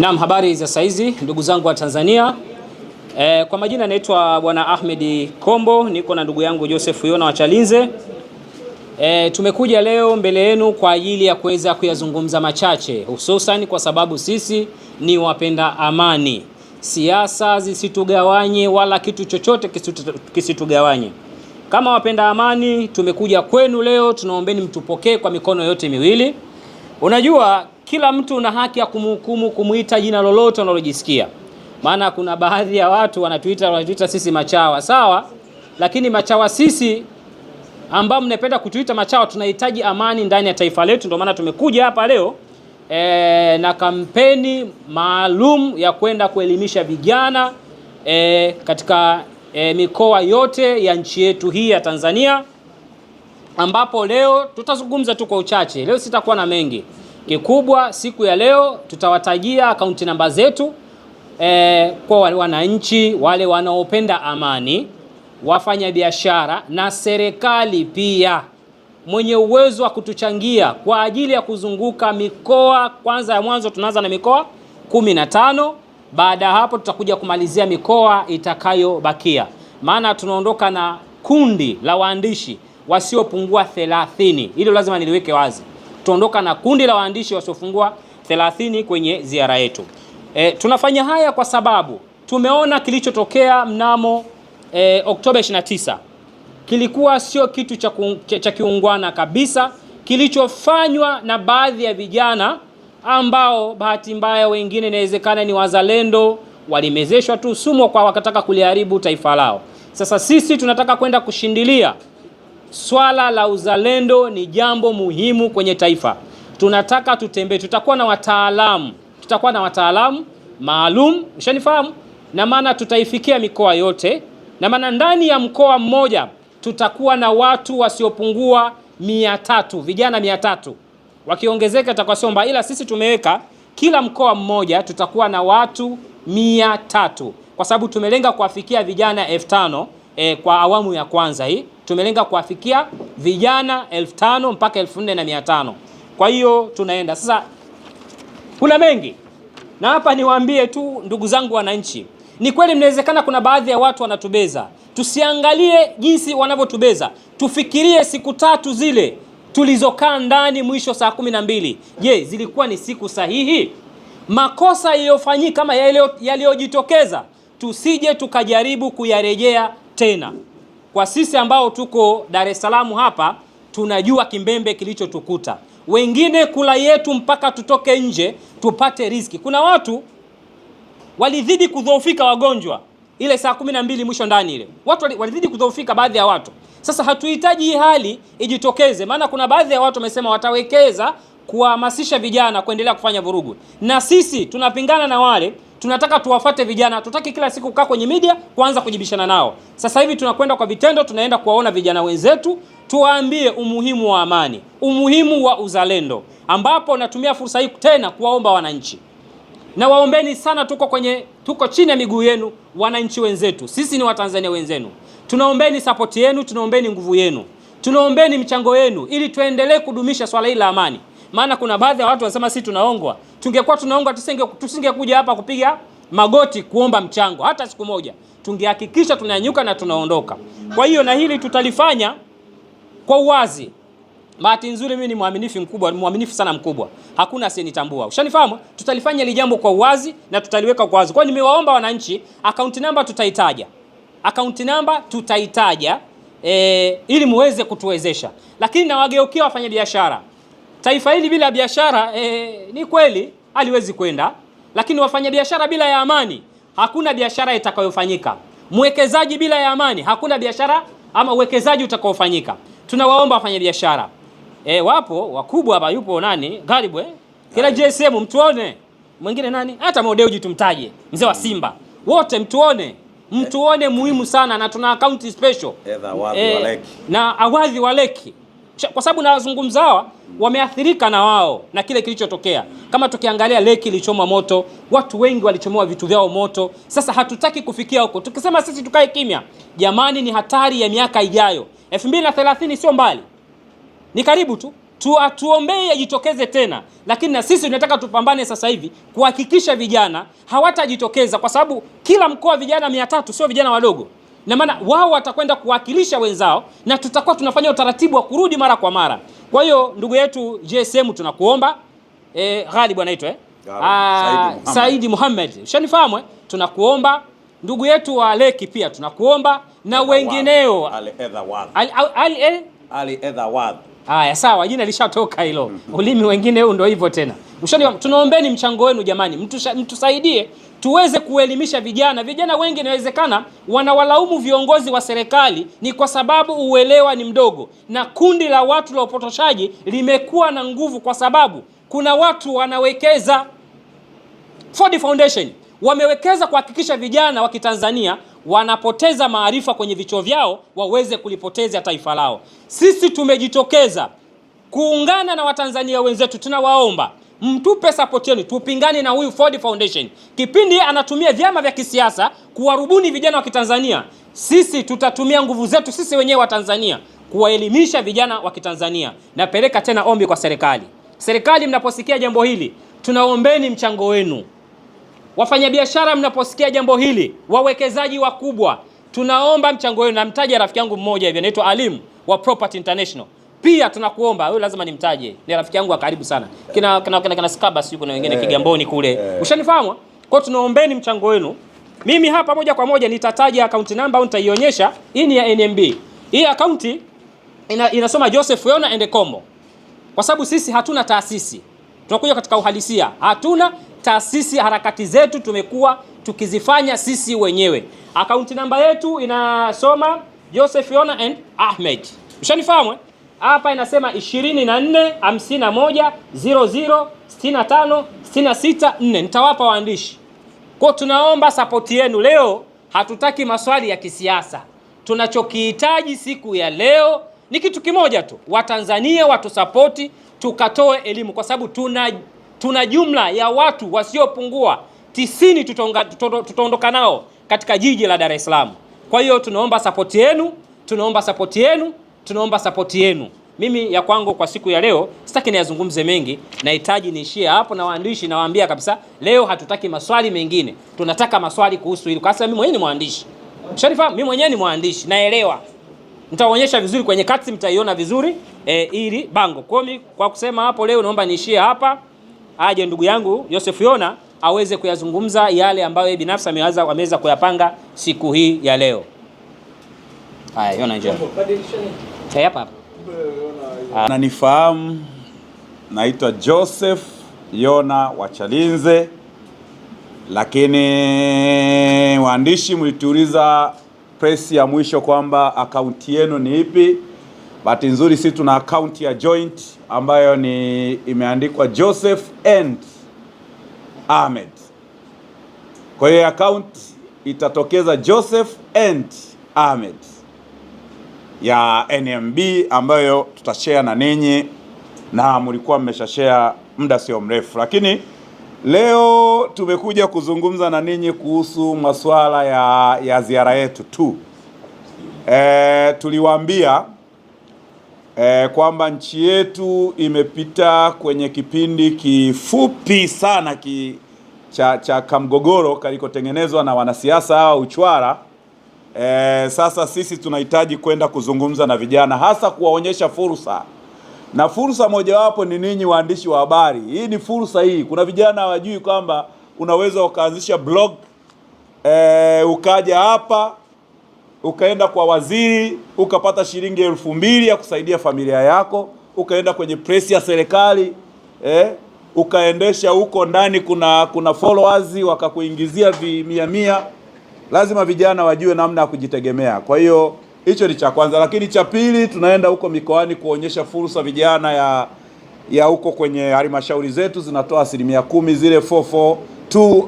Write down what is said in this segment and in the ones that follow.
Naam, habari za saizi ndugu zangu wa Tanzania. E, kwa majina naitwa Bwana Ahmed Kombo, niko na ndugu yangu Joseph Yona wa Chalinze. E, tumekuja leo mbele yenu kwa ajili ya kuweza kuyazungumza machache, hususan kwa sababu sisi ni wapenda amani. Siasa zisitugawanye wala kitu chochote kisitugawanye. Kama wapenda amani tumekuja kwenu leo, tunaombeni mtupokee kwa mikono yote miwili. Unajua, kila mtu una haki ya kumhukumu, kumuita jina lolote unalojisikia. Maana kuna baadhi ya watu wanatuita wanatuita sisi machawa, sawa, lakini machawa sisi ambao mnapenda kutuita machawa, tunahitaji amani ndani ya taifa letu. Ndio maana tumekuja hapa leo e, na kampeni maalum ya kwenda kuelimisha vijana e, katika e, mikoa yote ya nchi yetu hii ya Tanzania ambapo leo tutazungumza tu kwa uchache. Leo sitakuwa na mengi. Kikubwa siku ya leo tutawatajia akaunti namba zetu eh, kwa wananchi wale wanaopenda amani, wafanya biashara na serikali pia mwenye uwezo wa kutuchangia kwa ajili ya kuzunguka mikoa. Kwanza ya mwanzo tunaanza na mikoa kumi na tano. Baada ya hapo tutakuja kumalizia mikoa itakayobakia, maana tunaondoka na kundi la waandishi wasiopungua 30. Hilo lazima niliweke wazi. Tuondoka na kundi la waandishi wasiopungua 30 kwenye ziara yetu. E, tunafanya haya kwa sababu tumeona kilichotokea mnamo e, Oktoba 29 kilikuwa sio kitu cha, cha kiungwana kabisa kilichofanywa na baadhi ya vijana ambao bahati mbaya wengine inawezekana ni wazalendo walimezeshwa tu sumo kwa wakataka kuliharibu taifa lao. Sasa sisi tunataka kwenda kushindilia swala la uzalendo ni jambo muhimu kwenye taifa. Tunataka tutembee, tutakuwa na wataalamu, tutakuwa na wataalamu maalum, mshanifahamu, na maana tutaifikia mikoa yote, na maana ndani ya mkoa mmoja tutakuwa na watu wasiopungua mia tatu, vijana mia tatu wakiongezeka takwasomba, ila sisi tumeweka kila mkoa mmoja tutakuwa na watu mia tatu kwa sababu tumelenga kuwafikia vijana elfu tano eh, kwa awamu ya kwanza hii tumelenga kuwafikia vijana elfu tano mpaka elfu nne na mia tano. Kwa hiyo tunaenda sasa, kuna mengi na hapa niwaambie tu ndugu zangu wananchi, ni kweli mnawezekana kuna baadhi ya watu wanatubeza. Tusiangalie jinsi wanavyotubeza, tufikirie siku tatu zile tulizokaa ndani mwisho saa kumi na mbili. Je, zilikuwa ni siku sahihi? Makosa yaliyofanyika kama yaliyojitokeza, tusije tukajaribu kuyarejea tena. Kwa sisi ambao tuko Dar es Salaam hapa tunajua kimbembe kilichotukuta, wengine kula yetu mpaka tutoke nje tupate riziki. Kuna watu walizidi kudhoofika, wagonjwa, ile saa kumi na mbili mwisho ndani ile, watu walizidi kudhoofika, baadhi ya watu. Sasa hatuhitaji hii hali ijitokeze, maana kuna baadhi ya watu wamesema watawekeza kuwahamasisha vijana kuendelea kufanya vurugu, na sisi tunapingana na wale tunataka tuwafate vijana, tutaki kila siku kukaa kwenye media kuanza kujibishana nao. Sasa hivi tunakwenda kwa vitendo, tunaenda kuwaona vijana wenzetu, tuwaambie umuhimu wa amani, umuhimu wa uzalendo, ambapo natumia fursa hii tena kuwaomba wananchi na waombeni sana, tuko kwenye tuko chini ya miguu yenu, wananchi wenzetu, sisi ni Watanzania wenzenu, tunaombeni sapoti yenu, tunaombeni nguvu yenu, tunaombeni mchango yenu, ili tuendelee kudumisha swala hili la amani. Maana kuna baadhi ya watu wanasema sisi tunaongwa. Tungekuwa tunaongwa tusinge tusingekuja hapa kupiga magoti kuomba mchango hata siku moja. Tungehakikisha tunanyuka na tunaondoka. Kwa hiyo na hili tutalifanya kwa uwazi. Bahati nzuri mimi ni mwaminifu mkubwa, mwaminifu sana mkubwa. Hakuna asiyenitambua. Ushanifahamu? Tutalifanya hili jambo kwa uwazi na tutaliweka kwa wazi. Kwa nimewaomba wananchi, account namba tutaitaja. account namba tutaitaja e, ili muweze kutuwezesha. Lakini nawageukia wafanyabiashara taifa hili bila biashara e, ni kweli haliwezi kwenda, lakini wafanyabiashara bila ya amani, hakuna biashara itakayofanyika. Mwekezaji bila ya amani, hakuna biashara ama uwekezaji utakaofanyika. Tunawaomba wafanyabiashara e, wapo wakubwa hapa, yupo nani Garibu eh? kila JSM mtuone, mwingine nani, hata Modeuji tumtaje, mzee wa mm. Simba, wote mtuone mtuone, muhimu sana na tuna account special e, na awadhi waleki kwa sababu na wazungumza hawa wameathirika na wao na kile kilichotokea. Kama tukiangalia Leki ilichomwa moto, watu wengi walichomewa vitu vyao moto. Sasa hatutaki kufikia huko, tukisema sisi tukae kimya, jamani, ni hatari ya miaka ijayo. 2030 sio mbali, ni karibu tu tuatuombee tuombee yajitokeze tena, lakini na sisi tunataka tupambane sasa hivi kuhakikisha vijana hawatajitokeza, kwa sababu kila mkoa vijana 300, sio vijana wadogo na maana wao watakwenda kuwakilisha wenzao na tutakuwa tunafanya utaratibu wa kurudi mara kwa mara. Kwa hiyo ndugu yetu JSM tunakuomba eh, Ghalib anaitwa eh? Ah, Saidi Muhammad ushanifahamu eh? Tunakuomba ndugu yetu wa Leki pia tunakuomba na wengineo Ali eh? Haya, sawa, jina lishatoka hilo. Ulimi wengine huu ndio hivyo tena, Tunaombeni mchango wenu jamani, mtusaidie tuweze kuelimisha vijana. Vijana wengi inawezekana wanawalaumu viongozi wa serikali ni kwa sababu uelewa ni mdogo, na kundi la watu la upotoshaji limekuwa na nguvu kwa sababu kuna watu wanawekeza. Ford Foundation wamewekeza kuhakikisha vijana wa Kitanzania wanapoteza maarifa kwenye vichwa vyao waweze kulipoteza taifa lao. Sisi tumejitokeza kuungana na Watanzania wenzetu, tunawaomba mtupe support yenu, tupingane na huyu Ford Foundation. Kipindi anatumia vyama vya kisiasa kuwarubuni vijana wa Kitanzania, sisi tutatumia nguvu zetu sisi wenyewe wa Tanzania kuwaelimisha vijana wa Kitanzania. Napeleka tena ombi kwa serikali. Serikali, mnaposikia jambo hili, tunaombeni mchango wenu. Wafanyabiashara, mnaposikia jambo hili, wawekezaji wakubwa, tunaomba mchango wenu. Namtaja rafiki yangu mmoja hivi anaitwa Alim wa Property International. Pia tunakuomba wewe, lazima nimtaje, ni rafiki yangu wa karibu sana, kina kina kina, kina Skaba, yuko kuna wengine eh, Kigamboni kule, eh, eh. ushanifahamu. Kwa tunaombeni mchango wenu. Mimi hapa moja kwa moja nitataja account number au nitaionyesha. Hii ni ya NMB. Hii account ina, inasoma Joseph Yona and Combo. kwa sababu sisi hatuna taasisi, tunakuja katika uhalisia, hatuna taasisi. Harakati zetu tumekuwa tukizifanya sisi wenyewe. Account number yetu inasoma Joseph Yona and Ahmed, ushanifahamu hapa inasema 24 Nitawapa waandishi kwa, tunaomba sapoti yenu leo. Hatutaki maswali ya kisiasa. Tunachokihitaji siku ya leo ni kitu kimoja tu, Watanzania watusapoti, tukatoe elimu, kwa sababu tuna, tuna jumla ya watu wasiopungua tisini tutaondoka nao katika jiji la Dar es Salaam. Kwa hiyo tunaomba sapoti yenu, tunaomba sapoti yenu tunaomba sapoti yenu. Mimi ya kwangu kwa siku ya leo sitaki niyazungumze mengi, nahitaji niishie hapo na waandishi, nawaambia kabisa leo hatutaki maswali mengine, tunataka maswali kuhusu hili, kwa sababu mimi mwenyewe ni mwandishi Sharifa, mimi mwenyewe ni mwandishi naelewa, nitaonyesha vizuri kwenye kati, mtaiona vizuri e, ili bango kwa komi. Kwa kusema hapo leo, naomba niishie hapa, aje ndugu yangu Joseph Yona aweze kuyazungumza yale ambayo yeye binafsi ameweza kuyapanga siku hii ya leo. Haya, Yona njoo hapa ah. nanifahamu, naitwa Joseph Yona Wachalinze, lakini waandishi mlituuliza presi ya mwisho kwamba akaunti yenu ni ipi. Bahati nzuri sisi tuna akaunti ya joint ambayo ni imeandikwa Joseph and Ahmed. Kwa hiyo akaunti itatokeza Joseph and Ahmed ya NMB ambayo tutashare na ninyi na mlikuwa mmeshashare muda sio mrefu, lakini leo tumekuja kuzungumza na ninyi kuhusu masuala ya, ya ziara yetu tu. E, tuliwaambia e, kwamba nchi yetu imepita kwenye kipindi kifupi sana ki, cha, cha kamgogoro kalikotengenezwa na wanasiasa au uchwara E, sasa sisi tunahitaji kwenda kuzungumza na vijana hasa kuwaonyesha fursa, na fursa mojawapo ni ninyi waandishi wa habari. Hii ni fursa hii. Kuna vijana hawajui kwamba unaweza ukaanzisha blog e, ukaja hapa ukaenda kwa waziri ukapata shilingi elfu mbili ya kusaidia familia yako, ukaenda kwenye presi ya serikali eh, ukaendesha huko ndani, kuna kuna followers wakakuingizia vi mia mia lazima vijana wajue namna ya kujitegemea. Kwa hiyo hicho ni cha kwanza, lakini cha pili tunaenda huko mikoani kuonyesha fursa vijana ya ya huko kwenye halmashauri zetu zinatoa asilimia kumi zile 442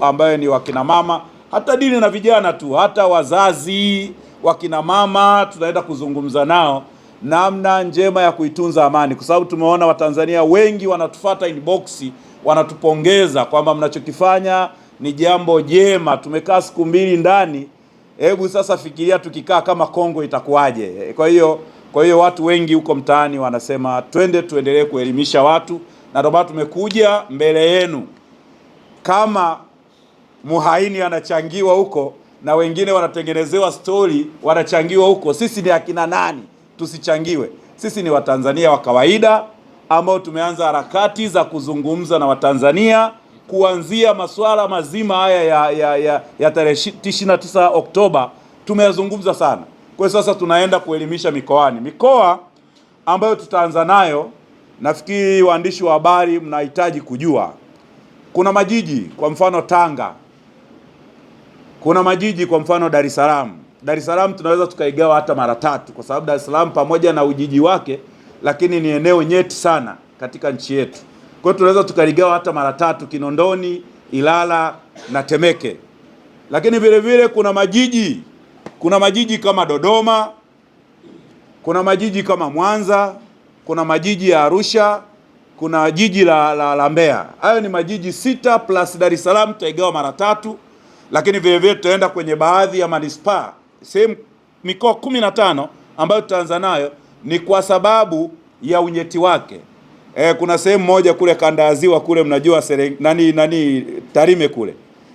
ambayo ni wakina mama, hata dini na vijana tu, hata wazazi wakina mama tunaenda kuzungumza nao namna njema ya kuitunza amani, kwa sababu tumeona Watanzania wengi wanatufuata inbox, wanatupongeza kwamba mnachokifanya ni jambo jema. Tumekaa siku mbili ndani, hebu sasa fikiria tukikaa kama Kongo itakuwaje? Eh, kwa hiyo kwa hiyo watu wengi huko mtaani wanasema twende tuendelee kuelimisha watu, na ndio maana tumekuja mbele yenu. Kama muhaini anachangiwa huko na wengine wanatengenezewa stori, wanachangiwa huko, sisi ni akina nani tusichangiwe? Sisi ni Watanzania wa kawaida ambao tumeanza harakati za kuzungumza na Watanzania kuanzia masuala mazima haya ya, ya, ya, ya tarehe 29 Oktoba tumeyazungumza sana. Kwa sasa tunaenda kuelimisha mikoani, mikoa ambayo tutaanza nayo. Nafikiri waandishi wa habari mnahitaji kujua, kuna majiji kwa mfano Tanga, kuna majiji kwa mfano Dar es Salaam. Dar es Salaam tunaweza tukaigawa hata mara tatu, kwa sababu Dar es Salaam pamoja na ujiji wake, lakini ni eneo nyeti sana katika nchi yetu. Kwa hiyo tunaweza tukaligawa hata mara tatu: Kinondoni, Ilala na Temeke. Lakini vile vile kuna majiji, kuna majiji kama Dodoma, kuna majiji kama Mwanza, kuna majiji ya Arusha, kuna jiji la, la, la Mbeya. Hayo ni majiji sita plus Dar es Salaam tutaigawa mara tatu, lakini vile vile tutaenda kwenye baadhi ya manispaa sehemu mikoa kumi na tano ambayo tutaanza nayo ni kwa sababu ya unyeti wake. E, kuna sehemu moja kule kanda ya ziwa kule mnajua sere, nani nani Tarime kule,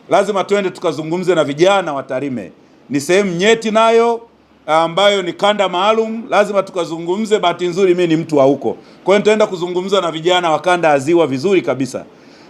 lazima twende tukazungumze na vijana wa Tarime. Ni sehemu nyeti nayo ambayo ni kanda maalum, lazima tukazungumze. Bahati nzuri mimi ni mtu wa huko, kwa hiyo nitaenda kuzungumza na vijana wa kanda ya ziwa vizuri kabisa.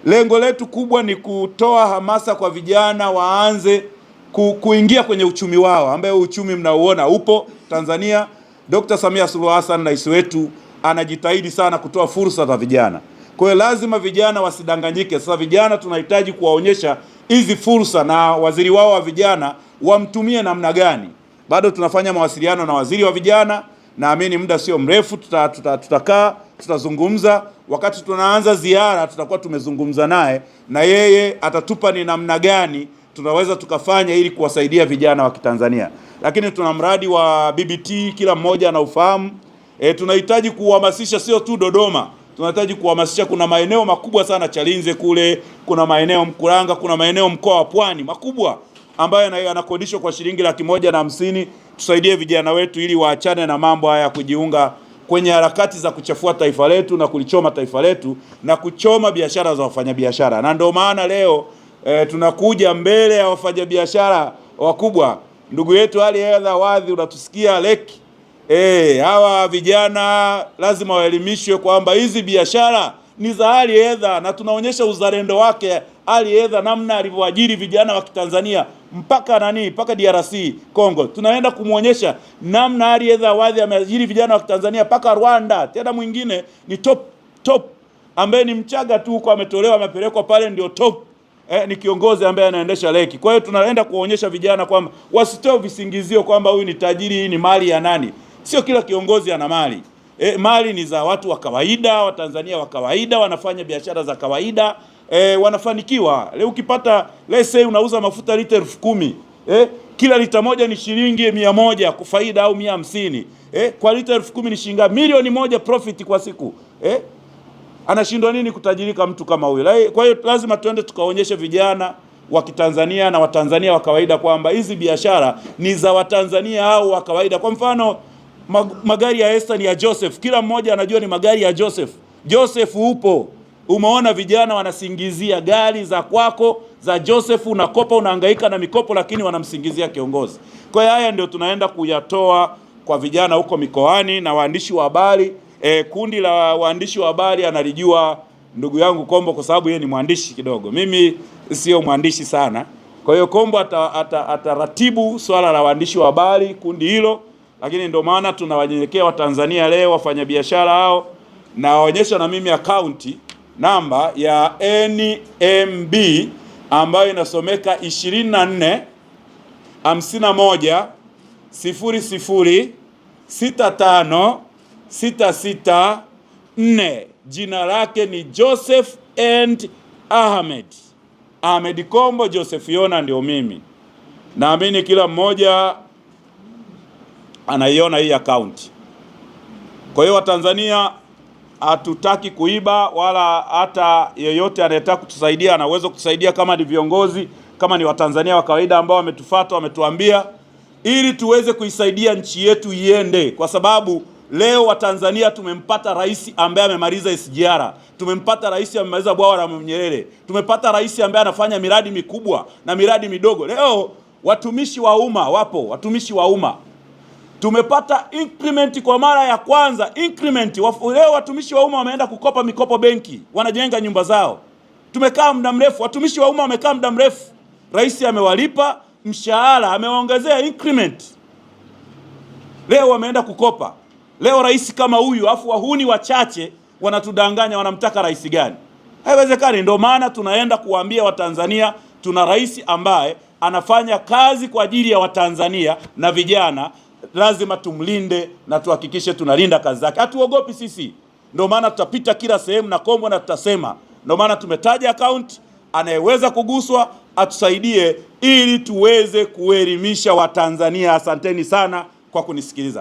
Lengo letu kubwa ni kutoa hamasa kwa vijana waanze ku, kuingia kwenye uchumi wao, ambayo uchumi mnauona upo Tanzania. Dr. Samia Suluhu Hassan rais wetu anajitahidi sana kutoa fursa za vijana. Kwa hiyo lazima vijana wasidanganyike. Sasa vijana tunahitaji kuwaonyesha hizi fursa, na waziri wao wa vijana wamtumie namna gani. Bado tunafanya mawasiliano na waziri wa vijana, naamini muda sio mrefu tutakaa tuta, tuta tutazungumza. Wakati tunaanza ziara, tutakuwa tumezungumza naye na yeye atatupa ni namna gani tunaweza tukafanya ili kuwasaidia vijana wa Kitanzania. Lakini tuna mradi wa BBT, kila mmoja anaufahamu. E, tunahitaji kuhamasisha sio tu Dodoma, tunahitaji kuhamasisha. Kuna maeneo makubwa sana Chalinze kule, kuna maeneo Mkuranga, kuna maeneo mkoa wa Pwani makubwa ambayo yanakodishwa kwa shilingi laki moja na hamsini. Tusaidie vijana wetu ili waachane na mambo haya ya kujiunga kwenye harakati za kuchafua taifa letu na kulichoma taifa letu na kuchoma biashara za wafanyabiashara, na ndio maana leo e, tunakuja mbele ya wafanyabiashara wakubwa. Ndugu yetu Ali Edha Wadhi, unatusikia Leki Eh, hawa vijana lazima waelimishwe kwamba hizi biashara ni za hali Edha na tunaonyesha uzalendo wake hali Edha, namna alivyoajiri vijana wa Kitanzania mpaka nani mpaka DRC Congo. Tunaenda kumwonyesha namna hali Edha wadhi ameajiri vijana wa Kitanzania mpaka Rwanda. Tena mwingine ni top top ambaye ni Mchaga tu huko ametolewa amepelekwa pale ndio top eh, ni kiongozi ambaye anaendesha leki. Kwa hiyo tunaenda kuonyesha vijana kwamba wasitoe visingizio kwamba huyu ni tajiri, hii ni mali ya nani. Sio kila kiongozi ana mali e, mali ni za watu wa kawaida, Watanzania wa kawaida wanafanya biashara za kawaida e, wanafanikiwa leo. Ukipata let's say unauza mafuta lita elfu kumi e, kila lita moja ni shilingi mia moja kwa faida au mia hamsini e, kwa lita elfu kumi ni shilingi milioni moja profit kwa siku e, anashindwa nini kutajirika mtu kama huyo? Kwa hiyo lazima tuende tukaonyeshe vijana wa Kitanzania na Watanzania wa kawaida kwamba hizi biashara ni za Watanzania au wa kawaida. Kwa mfano magari ya Esther ni ya Joseph. Kila mmoja anajua ni magari ya Joseph. Joseph upo. Umeona vijana wanasingizia gari za kwako za Joseph, unakopa unahangaika na mikopo, lakini wanamsingizia kiongozi. Kwa hiyo haya ndio tunaenda kuyatoa kwa vijana huko mikoani na waandishi wa habari. E, kundi la waandishi wa habari analijua ndugu yangu Kombo kwa sababu yeye ni mwandishi kidogo, mimi sio mwandishi sana. Kwa hiyo Kombo ataratibu ata, ata swala la waandishi wa habari kundi hilo lakini ndio maana tunawanyenyekea Watanzania leo wafanyabiashara hao, nawaonyesha na mimi akaunti namba ya NMB ambayo inasomeka 24 51 00 65 66 Jina lake ni Joseph and Ahmed Ahmed Kombo Joseph Yona, ndio mimi. Naamini kila mmoja anaiona hii akaunti. Kwa hiyo Watanzania hatutaki kuiba, wala hata yeyote anayetaka kutusaidia anaweza kutusaidia, kama ni viongozi, kama ni Watanzania wa kawaida ambao wametufuata, wametuambia ili tuweze kuisaidia nchi yetu iende, kwa sababu leo Watanzania tumempata rais ambaye amemaliza SGR, tumempata rais amemaliza bwawa la Mwalimu Nyerere, tumepata rais ambaye anafanya miradi mikubwa na miradi midogo. Leo watumishi wa umma wapo, watumishi wa umma tumepata increment kwa mara ya kwanza increment. Leo watumishi wa umma wameenda kukopa mikopo benki, wanajenga nyumba zao. Tumekaa muda mrefu, watumishi wa umma wamekaa muda mrefu. Rais amewalipa mshahara, amewaongezea increment, leo wameenda kukopa. Leo rais kama huyu, afu wahuni wachache wanatudanganya, wanamtaka rais gani? Haiwezekani. Ndio maana tunaenda kuwaambia Watanzania tuna rais ambaye anafanya kazi kwa ajili ya Watanzania na vijana lazima tumlinde na tuhakikishe tunalinda kazi zake. Hatuogopi sisi, ndio maana tutapita kila sehemu na kombo na tutasema. Ndio maana tumetaja akaunti, anayeweza kuguswa atusaidie ili tuweze kuelimisha Watanzania. Asanteni sana kwa kunisikiliza.